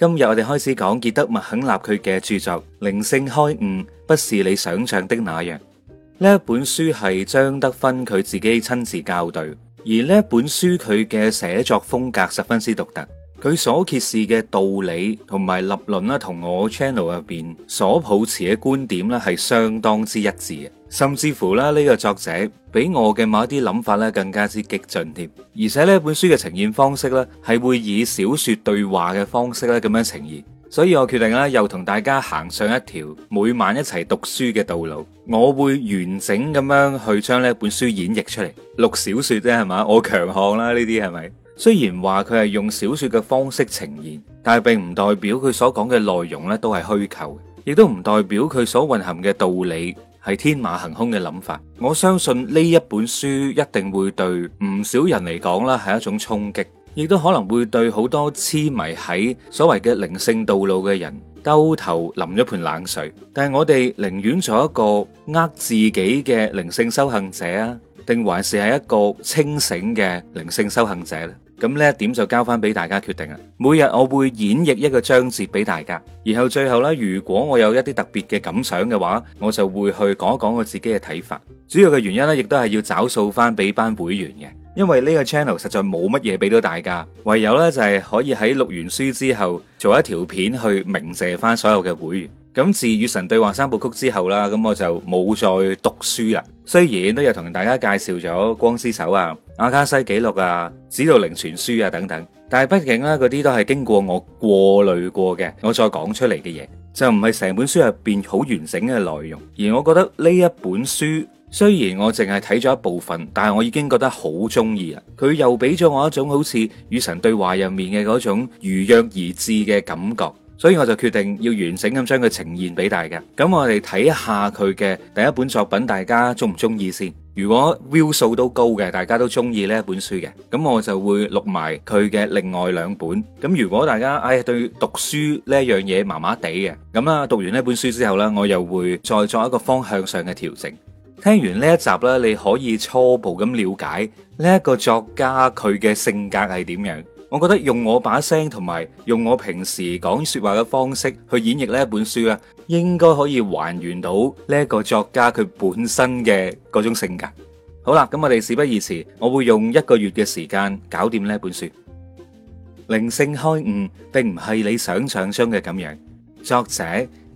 今日我哋開始講傑德麥肯納佢嘅著作《靈性開悟》，不是你想象的那樣。呢一本書係張德芬佢自己親自校對，而呢本書佢嘅寫作風格十分之獨特。佢所揭示嘅道理同埋立論啦，同我 channel 入邊所抱持嘅觀點咧，係相當之一致嘅，甚至乎啦呢個作者比我嘅某一啲諗法咧更加之激進添，而且呢本書嘅呈現方式咧係會以小說對話嘅方式咧咁樣呈現，所以我決定啦又同大家行上一條每晚一齊讀書嘅道路，我會完整咁樣去將呢本書演繹出嚟，錄小說啫係嘛，我強項啦，呢啲係咪？雖然話佢係用小說嘅方式呈現，但係並唔代表佢所講嘅內容呢都係虛構，亦都唔代表佢所蘊含嘅道理係天馬行空嘅諗法。我相信呢一本書一定會對唔少人嚟講啦係一種衝擊，亦都可能會對好多癡迷喺所謂嘅靈性道路嘅人兜頭淋一盆冷水。但係我哋寧願做一個呃自己嘅靈性修行者啊，定還是係一個清醒嘅靈性修行者呢？咁呢一點就交翻俾大家決定啦！每日我會演繹一個章節俾大家，然後最後呢，如果我有一啲特別嘅感想嘅話，我就會去講一講我自己嘅睇法。主要嘅原因呢，亦都係要找數翻俾班會員嘅，因為呢個 channel 實在冇乜嘢俾到大家，唯有呢，就係、是、可以喺錄完書之後做一條片去鳴謝翻所有嘅會員。咁自與神對話三部曲之後啦，咁我就冇再讀書啦。雖然都有同大家介紹咗《光之手》啊、《阿卡西紀錄》啊、《指導靈全書》啊等等，但係畢竟呢，嗰啲都係經過我過濾過嘅，我再講出嚟嘅嘢，就唔係成本書入邊好完整嘅內容。而我覺得呢一本書，雖然我淨係睇咗一部分，但係我已經覺得好中意啊！佢又俾咗我一種好似與神對話入面嘅嗰種如約而至嘅感覺。所以我就決定要完整咁將佢呈現俾大家。咁我哋睇下佢嘅第一本作品，大家中唔中意先？如果 view 數都高嘅，大家都中意呢一本書嘅，咁我就會錄埋佢嘅另外兩本。咁如果大家唉對讀書呢樣嘢麻麻地嘅，咁啊讀完呢本書之後呢，我又會再作一個方向上嘅調整。聽完呢一集呢，你可以初步咁了解呢一個作家佢嘅性格係點樣。我覺得用我把聲同埋用我平時講說話嘅方式去演繹呢一本書啊，應該可以還原到呢一個作家佢本身嘅嗰種性格。好啦，咁我哋事不宜遲，我會用一個月嘅時間搞掂呢一本書。靈性開悟並唔係你想象中嘅咁樣。作者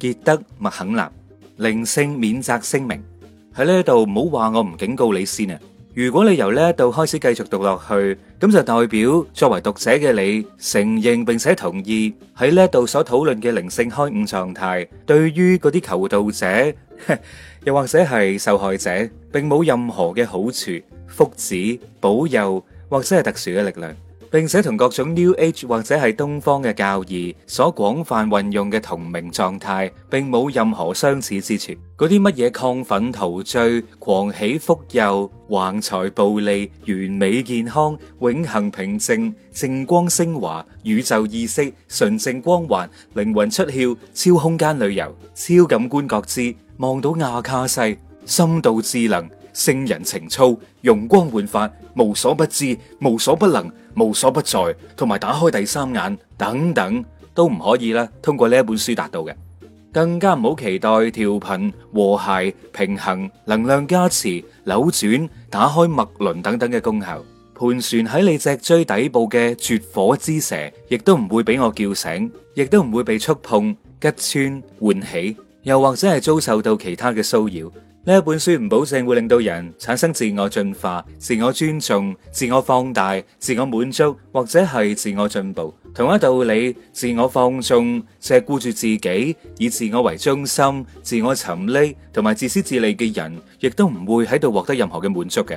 傑德麥肯納，靈性免責聲明喺呢一度，唔好話我唔警告你先啊！如果你由呢一度開始繼續讀落去，咁就代表作為讀者嘅你承認並且同意喺呢度所討論嘅靈性開悟狀態，對於嗰啲求道者，又或者係受害者，並冇任何嘅好處、福祉、保佑或者係特殊嘅力量。並且同各種 New Age 或者係東方嘅教義所廣泛運用嘅同名狀態，並冇任何相似之處。嗰啲乜嘢亢奮陶醉、狂喜福佑、橫財暴利、完美健康、永恆平靜、靜光升華、宇宙意識、純正光環、靈魂出竅、超空間旅遊、超感官覺知、望到亞卡西、深度智能。聖人情操、容光煥發、無所不知、無所不能、無所不在，同埋打開第三眼等等，都唔可以啦。通過呢本書達到嘅，更加唔好期待調頻、和諧、平衡、能量加持、扭轉、打開脈輪等等嘅功效。盤旋喺你脊椎底部嘅絕火之蛇，亦都唔會俾我叫醒，亦都唔會被觸碰、吉穿、喚起，又或者係遭受到其他嘅騷擾。呢本書唔保證會令到人產生自我進化、自我尊重、自我放大、自我滿足或者係自我進步。同一道理，自我放縱只係顧住自己，以自我為中心、自我沉溺同埋自私自利嘅人，亦都唔會喺度獲得任何嘅滿足嘅。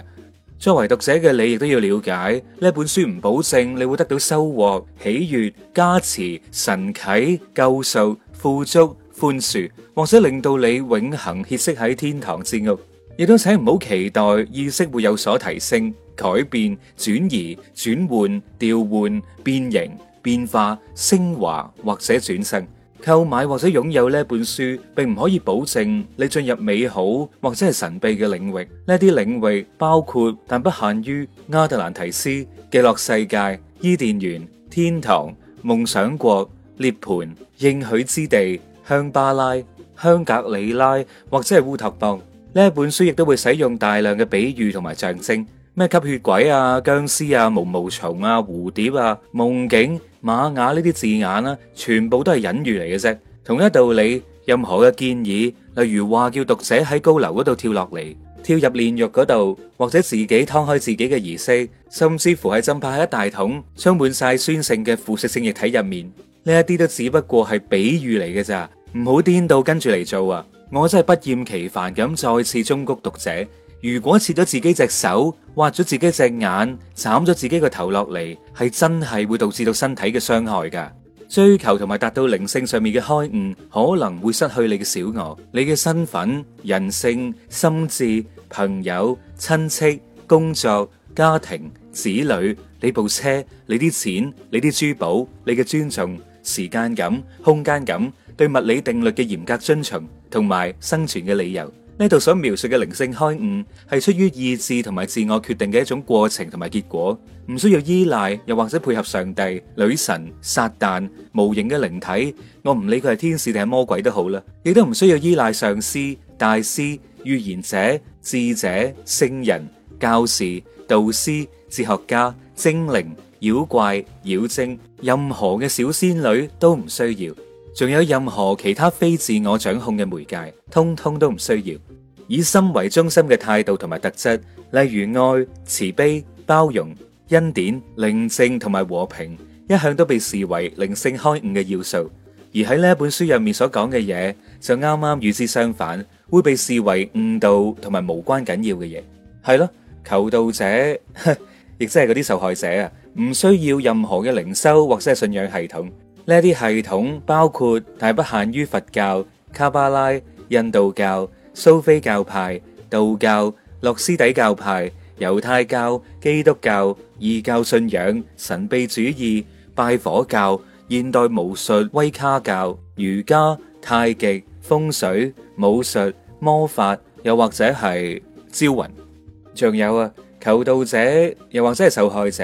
作為讀者嘅你，亦都要了解呢本書唔保證你會得到收穫、喜悅、加持、神啟、救贖、富足。寬恕，或者令到你永恒歇息喺天堂之屋，亦都請唔好期待意識會有所提升、改變、轉移、轉換、調換、變形、變化、升華或者轉生。購買或者擁有呢一本書，並唔可以保證你進入美好或者係神秘嘅領域。呢一啲領域包括但不限於亞特蘭提斯、基洛世界、伊甸園、天堂、夢想國、涅槃、應許之地。香巴拉、香格里拉或者係烏托邦。呢一本書亦都會使用大量嘅比喻同埋象徵，咩吸血鬼啊、僵屍啊、毛毛蟲啊、蝴蝶啊、夢境、瑪雅呢啲字眼啦，全部都係隱喻嚟嘅啫。同一道理，任何嘅建議，例如話叫讀者喺高樓嗰度跳落嚟，跳入煉獄嗰度，或者自己劏開自己嘅儀式，甚至乎係浸泡喺一大桶充滿晒酸性嘅腐蝕性液體入面，呢一啲都只不過係比喻嚟嘅咋。唔好顛到跟住嚟做啊！我真係不厭其煩咁再次忠告讀者：如果切咗自己隻手、挖咗自己隻眼、斬咗自己個頭落嚟，係真係會導致到身體嘅傷害噶。追求同埋達到靈性上面嘅開悟，可能會失去你嘅小我、你嘅身份、人性、心智、朋友、親戚、工作、家庭、子女、你部車、你啲錢、你啲珠寶、你嘅尊重、時間感、空間感。對物理定律嘅嚴格遵從，同埋生存嘅理由，呢度所描述嘅靈性開悟，係出於意志同埋自我決定嘅一種過程同埋結果，唔需要依賴又或者配合上帝、女神、撒旦、無形嘅靈體，我唔理佢係天使定係魔鬼都好啦，亦都唔需要依賴上師、大師、預言者、智者、聖人、教士、導師、哲學家、精靈、妖怪、妖精，任何嘅小仙女都唔需要。仲有任何其他非自我掌控嘅媒介，通通都唔需要。以心為中心嘅態度同埋特質，例如愛、慈悲、包容、恩典、寧靜同埋和平，一向都被視為靈性開悟嘅要素。而喺呢一本書入面所講嘅嘢，就啱啱與之相反，會被視為誤導同埋無關緊要嘅嘢。係咯，求道者，亦即係嗰啲受害者啊，唔需要任何嘅靈修或者係信仰系統。呢啲系統包括，但不限於佛教、卡巴拉、印度教、蘇菲教派、道教、洛斯底教派、猶太教、基督教、異教信仰、神秘主義、拜火教、現代巫術、威卡教、瑜伽、太極、風水、武術、魔法，又或者係招魂。仲有啊，求道者，又或者係受害者。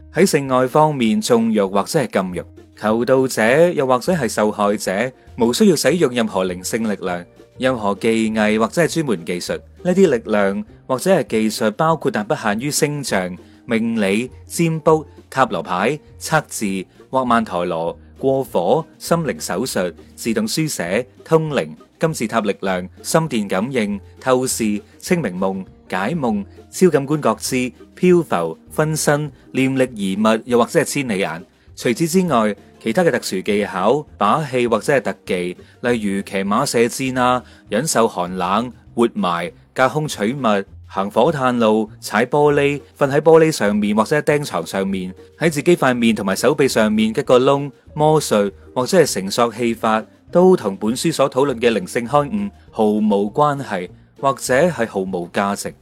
喺性愛方面縱欲或者係禁欲，求道者又或者係受害者，無需要使用任何靈性力量、任何技藝或者係專門技術。呢啲力量或者係技術，包括但不限於星象、命理、占卜、塔羅牌、測字或曼陀羅、過火、心靈手術、自動書寫、通靈。金字塔力量、心電感應、透視、清明夢、解夢、超感官覺知、漂浮、分身、念力移物，又或者係千里眼。除此之外，其他嘅特殊技巧、把戲或者係特技，例如騎馬射箭啊、忍受寒冷、活埋、隔空取物、行火炭路、踩玻璃、瞓喺玻璃上面或者喺釘床上面，喺自己塊面同埋手臂上面吉個窿、魔術或者係繩索戲法。都同本書所討論嘅靈性開悟毫無關係，或者係毫無價值。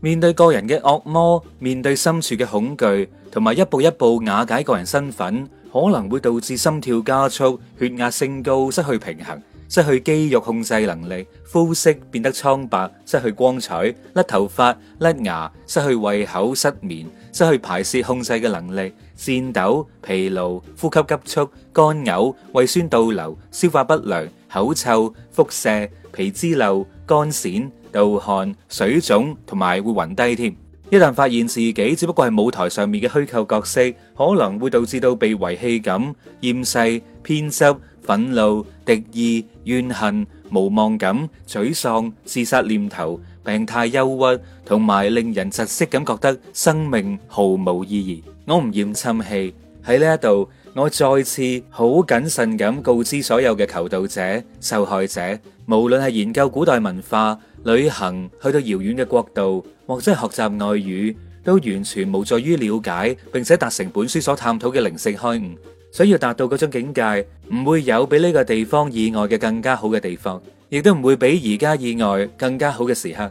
面對個人嘅惡魔，面對深處嘅恐懼，同埋一步一步瓦解個人身份，可能會導致心跳加速、血壓升高、失去平衡、失去肌肉控制能力、膚色變得蒼白、失去光彩、甩頭髮、甩牙、失去胃口、失眠、失去排泄控制嘅能力。顫抖、疲勞、呼吸急促、乾嘔、胃酸倒流、消化不良、口臭、腹瀉、皮脂漏、乾癬、盜汗、水腫，同埋會暈低添。一旦發現自己只不過係舞台上面嘅虛構角色，可能會導致到被遺棄感、厭世、偏執、憤怒、敵意、怨恨、無望感、沮喪、自殺念頭。病態憂鬱同埋令人窒息咁覺得生命毫無意義。我唔厭侵氣喺呢一度，我再次好謹慎咁告知所有嘅求道者、受害者，無論係研究古代文化、旅行去到遙遠嘅國度，或者係學習外語，都完全無助於了解，並且達成本書所探討嘅靈性開悟。想要達到嗰種境界，唔會有比呢個地方意外嘅更加好嘅地方。亦都唔會比而家意外更加好嘅時刻。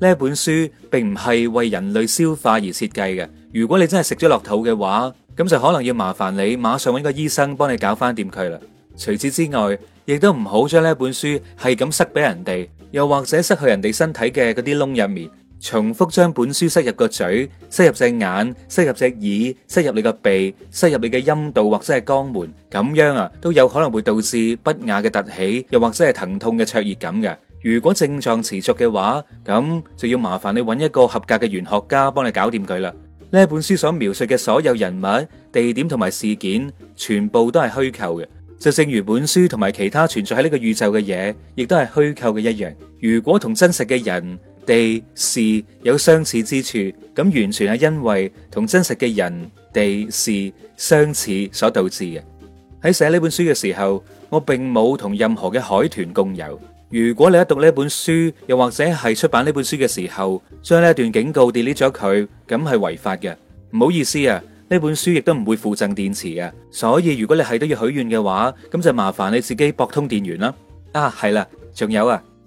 呢本書並唔係為人類消化而設計嘅。如果你真係食咗落肚嘅話，咁就可能要麻煩你馬上搵個醫生幫你搞翻掂佢啦。除此之外，亦都唔好將呢本書係咁塞俾人哋，又或者塞去人哋身體嘅嗰啲窿入面。重複將本書塞入個嘴，塞入隻眼，塞入隻耳，塞入你個鼻，塞入你嘅陰道或者係肛門，咁樣啊都有可能會導致不雅嘅凸起，又或者係疼痛嘅灼熱感嘅。如果症狀持續嘅話，咁就要麻煩你揾一個合格嘅玄學家幫你搞掂佢啦。呢本書所描述嘅所有人物、地點同埋事件，全部都係虛構嘅。就正如本書同埋其他存在喺呢個宇宙嘅嘢，亦都係虛構嘅一樣。如果同真實嘅人、地、事有相似之處，咁完全係因為同真實嘅人、地、事相似所導致嘅。喺寫呢本書嘅時候，我並冇同任何嘅海豚共游。如果你喺讀呢本書，又或者係出版呢本書嘅時候，將呢一段警告 delete 咗佢，咁係違法嘅。唔好意思啊，呢本書亦都唔會附贈電池嘅。所以如果你係都要許願嘅話，咁就麻煩你自己駁通電源啦。啊，係啦，仲有啊。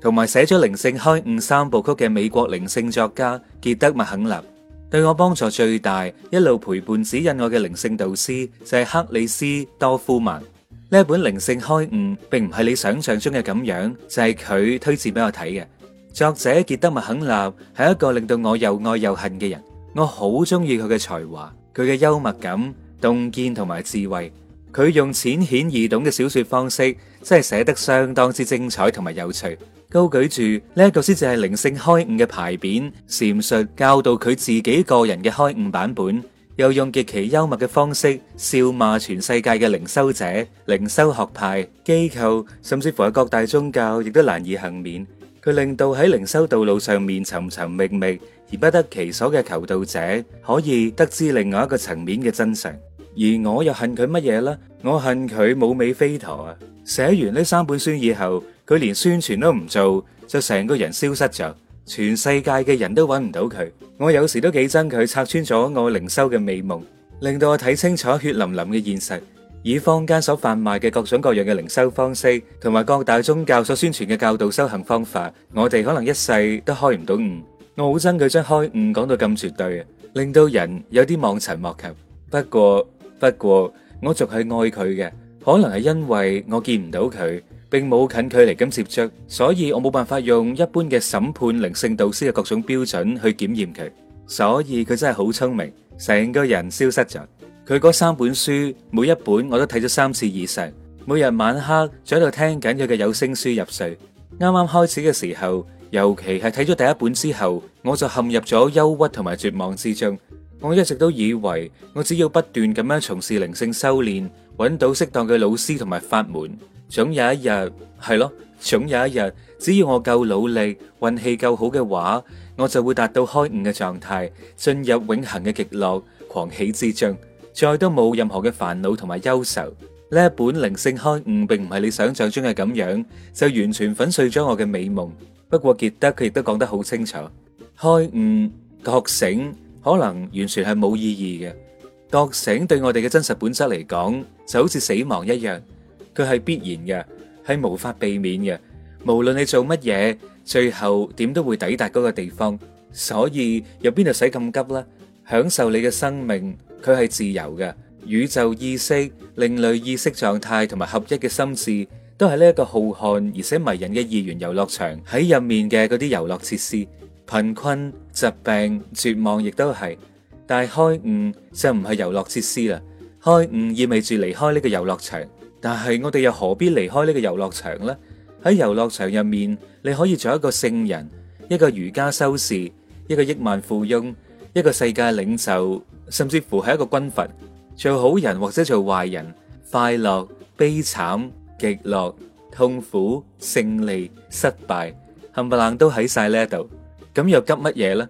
同埋寫咗《靈性開悟》三部曲嘅美國靈性作家傑德麥肯納，對我幫助最大，一路陪伴指引我嘅靈性導師就係克里斯多夫曼。呢本《靈性開悟》並唔係你想象中嘅咁樣，就係佢推薦俾我睇嘅。作者傑德麥肯納係一個令到我又愛又恨嘅人。我好中意佢嘅才華，佢嘅幽默感、洞見同埋智慧。佢用淺顯易懂嘅小說方式，真係寫得相當之精彩同埋有趣。高舉住呢一個先至係靈性開悟嘅牌匾，闡述教導佢自己個人嘅開悟版本，又用極其幽默嘅方式笑罵全世界嘅靈修者、靈修學派、機構，甚至乎係各大宗教，亦都難以幸免。佢令到喺靈修道路上面尋尋覓覓而不得其所嘅求道者，可以得知另外一個層面嘅真相。而我又恨佢乜嘢呢？我恨佢冇尾飛陀啊！寫完呢三本書以後，佢連宣傳都唔做，就成個人消失咗，全世界嘅人都揾唔到佢。我有時都幾憎佢拆穿咗我靈修嘅美夢，令到我睇清楚血淋淋嘅現實。以坊間所販賣嘅各種各樣嘅靈修方式，同埋各大宗教所宣傳嘅教導修行方法，我哋可能一世都開唔到悟。我好憎佢將開悟講到咁絕對啊，令到人有啲望塵莫及。不過，不過我仲係愛佢嘅，可能係因為我見唔到佢，並冇近距離咁接觸，所以我冇辦法用一般嘅審判靈性導師嘅各種標準去檢驗佢，所以佢真係好聰明，成個人消失咗。佢嗰三本書每一本我都睇咗三次以上，每日晚黑就喺度聽緊佢嘅有聲書入睡。啱啱開始嘅時候，尤其係睇咗第一本之後，我就陷入咗憂鬱同埋絕望之中。我一直都以為，我只要不斷咁樣從事靈性修煉，揾到適當嘅老師同埋法門，總有一日，係咯，總有一日，只要我夠努力，運氣夠好嘅話，我就會達到開悟嘅狀態，進入永恒嘅極樂狂喜之中，再都冇任何嘅煩惱同埋憂愁。呢一本靈性開悟，並唔係你想象中嘅咁樣，就完全粉碎咗我嘅美夢。不過，傑德佢亦都講得好清楚，開悟覺醒，可能完全係冇意義嘅。覺醒對我哋嘅真實本質嚟講，就好似死亡一樣，佢係必然嘅，係無法避免嘅。無論你做乜嘢，最後點都會抵達嗰個地方。所以有邊度使咁急啦？享受你嘅生命，佢係自由嘅。宇宙意識、另類意識狀態同埋合一嘅心智，都係呢一個浩瀚而且迷人嘅二元遊樂場喺入面嘅嗰啲遊樂設施。貧困、疾病、絕望，亦都係。但係開悟就唔係遊樂設施啦。開悟意味住離開呢個遊樂場，但係我哋又何必離開呢個遊樂場呢？喺遊樂場入面，你可以做一個聖人，一個瑜伽修士，一個億萬富翁，一個世界領袖，甚至乎係一個軍閥，做好人或者做壞人，快樂、悲慘、極樂、痛苦、勝利、失敗，冚唪唥都喺曬呢一度。咁又急乜嘢呢？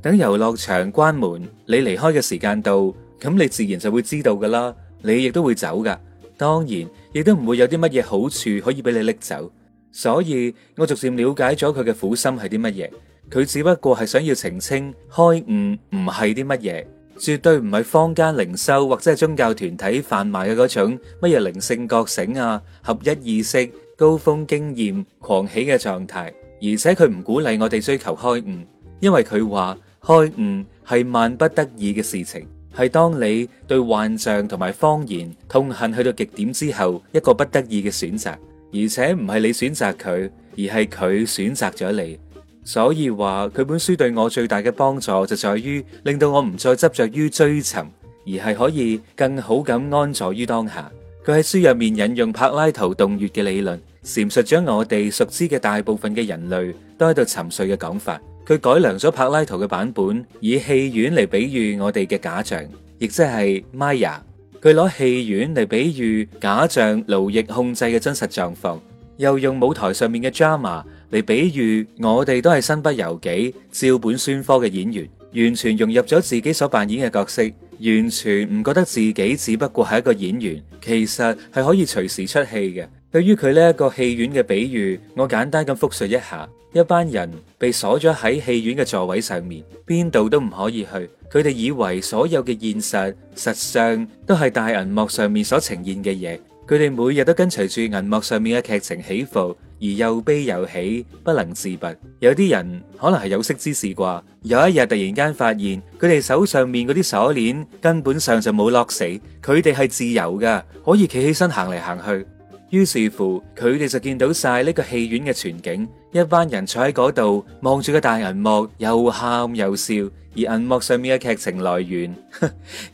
等遊樂場關門，你離開嘅時間到，咁你自然就會知道噶啦。你亦都會走噶，當然亦都唔會有啲乜嘢好處可以俾你拎走。所以，我逐漸了解咗佢嘅苦心係啲乜嘢。佢只不過係想要澄清開悟唔係啲乜嘢，絕對唔係坊間靈修或者係宗教團體販賣嘅嗰種乜嘢靈性覺醒啊、合一意識、高峰經驗、狂喜嘅狀態。而且佢唔鼓勵我哋追求開悟，因為佢話開悟係萬不得已嘅事情，係當你對幻象同埋謊言痛恨去到極點之後，一個不得已嘅選擇。而且唔係你選擇佢，而係佢選擇咗你。所以話佢本書對我最大嘅幫助，就在於令到我唔再執着於追尋，而係可以更好咁安坐於當下。佢喺書入面引用柏拉圖洞穴嘅理論。闡述咗我哋熟知嘅大部分嘅人類都喺度沉睡嘅講法，佢改良咗柏拉圖嘅版本，以戲院嚟比喻我哋嘅假象，亦即係 Maya，佢攞戲院嚟比喻假象奴役控制嘅真實狀況，又用舞台上面嘅 drama 嚟比喻我哋都係身不由己，照本宣科嘅演員，完全融入咗自己所扮演嘅角色，完全唔覺得自己只不過係一個演員，其實係可以隨時出戲嘅。對於佢呢一個戲院嘅比喻，我簡單咁複述一下：一班人被鎖咗喺戲院嘅座位上面，邊度都唔可以去。佢哋以為所有嘅現實，實上都係大銀幕上面所呈現嘅嘢。佢哋每日都跟隨住銀幕上面嘅劇情起伏，而又悲又喜，不能自拔。有啲人可能係有識之士啩，有一日突然間發現，佢哋手上面嗰啲鎖鏈根本上就冇落死，佢哋係自由噶，可以企起身行嚟行去。於是乎，佢哋就見到晒呢個戲院嘅全景，一班人坐喺嗰度望住個大銀幕，又喊又笑。而銀幕上面嘅劇情來源，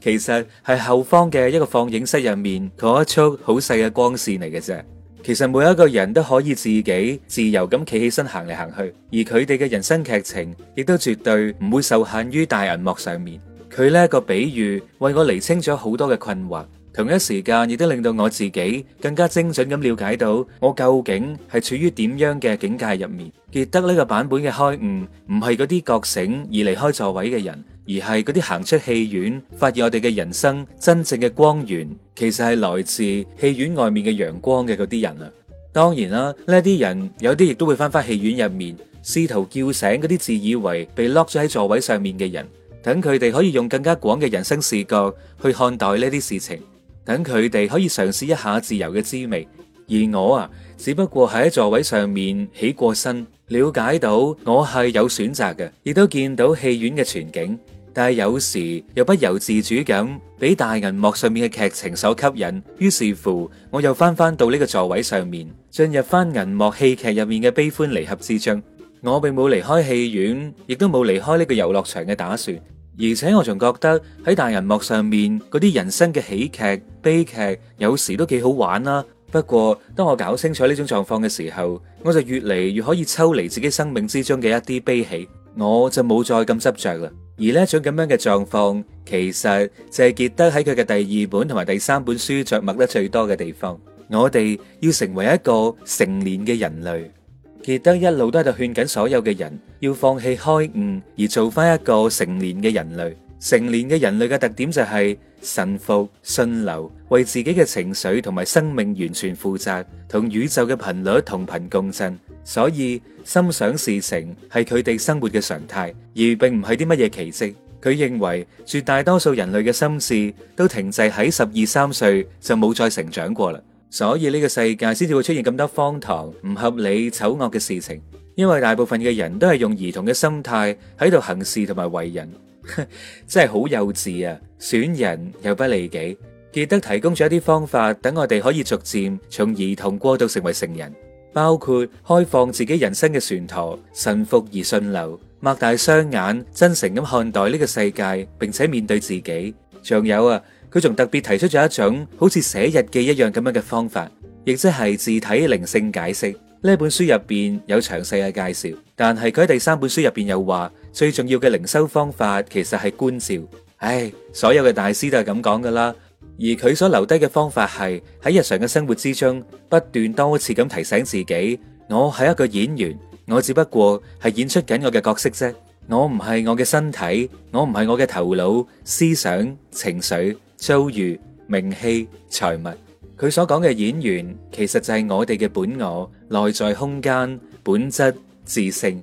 其實係後方嘅一個放映室入面嗰一束好細嘅光線嚟嘅啫。其實每一個人都可以自己自由咁企起身行嚟行去，而佢哋嘅人生劇情亦都絕對唔會受限於大銀幕上面。佢呢個比喻為我厘清咗好多嘅困惑。同一時間亦都令到我自己更加精準咁了解到我究竟係處於點樣嘅境界入面。傑德呢個版本嘅開悟唔係嗰啲覺醒而離開座位嘅人，而係嗰啲行出戲院發現我哋嘅人生真正嘅光源，其實係來自戲院外面嘅陽光嘅嗰啲人啊。當然啦、啊，呢啲人有啲亦都會翻翻戲院入面，試圖叫醒嗰啲自以為被 lock 咗喺座位上面嘅人，等佢哋可以用更加廣嘅人生視角去看待呢啲事情。等佢哋可以嘗試一下自由嘅滋味，而我啊，只不過喺座位上面起過身，了解到我係有選擇嘅，亦都見到戲院嘅全景。但係有時又不由自主咁，俾大銀幕上面嘅劇情所吸引，於是乎，我又翻翻到呢個座位上面，進入翻銀幕戲劇入面嘅悲歡離合之中。我並冇離開戲院，亦都冇離開呢個遊樂場嘅打算。而且我仲覺得喺大人幕上面嗰啲人生嘅喜劇、悲劇，有時都幾好玩啦。不過當我搞清楚呢種狀況嘅時候，我就越嚟越可以抽離自己生命之中嘅一啲悲喜，我就冇再咁執着啦。而呢種咁樣嘅狀況，其實就係傑德喺佢嘅第二本同埋第三本書着墨得最多嘅地方。我哋要成為一個成年嘅人類。傑德一路都喺度勸緊所有嘅人要放棄開悟，而做返一個成年嘅人類。成年嘅人類嘅特點就係臣服、順流，為自己嘅情緒同埋生命完全負責，同宇宙嘅頻率同頻共振。所以心想事成係佢哋生活嘅常態，而並唔係啲乜嘢奇蹟。佢認為絕大多數人類嘅心智都停滯喺十二三歲就冇再成長過啦。所以呢個世界先至會出現咁多荒唐、唔合理、醜惡嘅事情，因為大部分嘅人都係用兒童嘅心態喺度行事同埋為人，真係好幼稚啊！損人又不利己，記得提供咗一啲方法，等我哋可以逐漸從兒童過渡成為成人，包括開放自己人生嘅船舵，順服而順流，擘大雙眼，真誠咁看待呢個世界，並且面對自己，仲有啊。佢仲特別提出咗一種好似寫日記一樣咁樣嘅方法，亦即係字體靈性解釋。呢一本書入邊有詳細嘅介紹，但係佢喺第三本書入邊又話，最重要嘅靈修方法其實係觀照。唉，所有嘅大師都係咁講噶啦。而佢所留低嘅方法係喺日常嘅生活之中，不斷多次咁提醒自己：我係一個演員，我只不過係演出緊我嘅角色啫。我唔係我嘅身體，我唔係我嘅頭腦、思想、情緒。遭遇名氣財物，佢所講嘅演員，其實就係我哋嘅本我內在空間本質自性，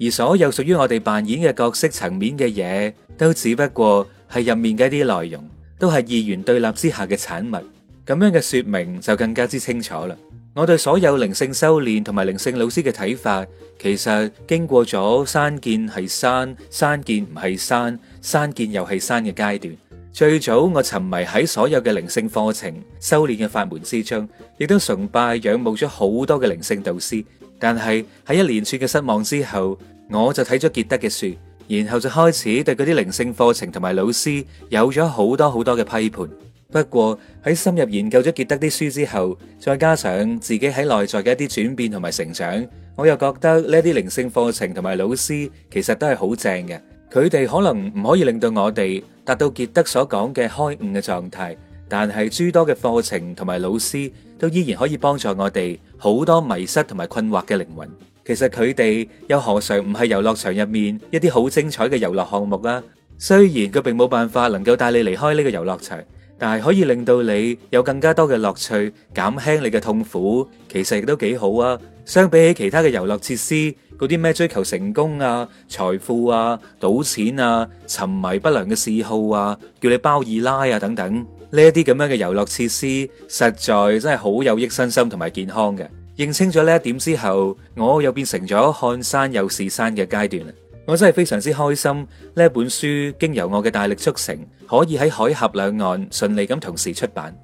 而所有屬於我哋扮演嘅角色層面嘅嘢，都只不過係入面嘅一啲內容，都係二元對立之下嘅產物。咁樣嘅說明就更加之清楚啦。我對所有靈性修煉同埋靈性老師嘅睇法，其實經過咗山見係山，山見唔係山，山見又係山嘅階段。最早我沉迷喺所有嘅靈性課程、修煉嘅法門之中，亦都崇拜仰慕咗好多嘅靈性導師。但係喺一連串嘅失望之後，我就睇咗傑德嘅書，然後就開始對嗰啲靈性課程同埋老師有咗好多好多嘅批判。不過喺深入研究咗傑德啲書之後，再加上自己喺內在嘅一啲轉變同埋成長，我又覺得呢啲靈性課程同埋老師其實都係好正嘅。佢哋可能唔可以令到我哋達到傑德所講嘅開悟嘅狀態，但係諸多嘅課程同埋老師都依然可以幫助我哋好多迷失同埋困惑嘅靈魂。其實佢哋又何嘗唔係遊樂場入面一啲好精彩嘅遊樂項目啊？雖然佢並冇辦法能夠帶你離開呢個遊樂場，但係可以令到你有更加多嘅樂趣，減輕你嘅痛苦，其實亦都幾好啊！相比起其他嘅遊樂設施，嗰啲咩追求成功啊、財富啊、賭錢啊、沉迷不良嘅嗜好啊，叫你包二奶啊等等，呢一啲咁樣嘅遊樂設施，實在真係好有益身心同埋健康嘅。認清咗呢一點之後，我又變成咗看山又是山嘅階段啦。我真係非常之開心，呢本書經由我嘅大力促成，可以喺海峽兩岸順利咁同時出版。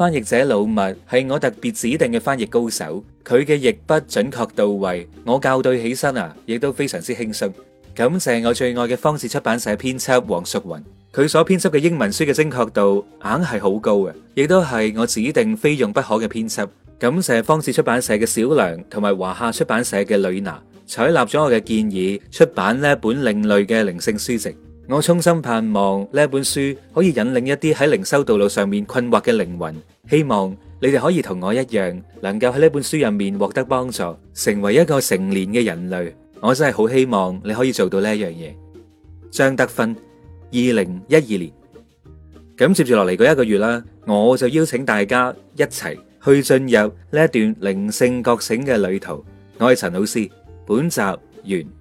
翻譯者老密係我特別指定嘅翻譯高手，佢嘅譯筆準確到位，我校對起身啊，亦都非常之輕鬆。感謝我最愛嘅方志出版社編輯黃淑雲，佢所編輯嘅英文書嘅精確度硬係好高嘅，亦都係我指定非用不可嘅編輯。感謝方志出版社嘅小梁同埋華夏出版社嘅呂娜，採納咗我嘅建議，出版呢本另類嘅靈性書籍。我衷心盼望呢一本書可以引領一啲喺靈修道路上面困惑嘅靈魂，希望你哋可以同我一樣，能夠喺呢本書入面獲得幫助，成為一個成年嘅人類。我真係好希望你可以做到呢一樣嘢。張德芬，二零一二年。咁接住落嚟嗰一個月啦，我就邀請大家一齊去進入呢一段靈性覺醒嘅旅途。我係陳老師，本集完。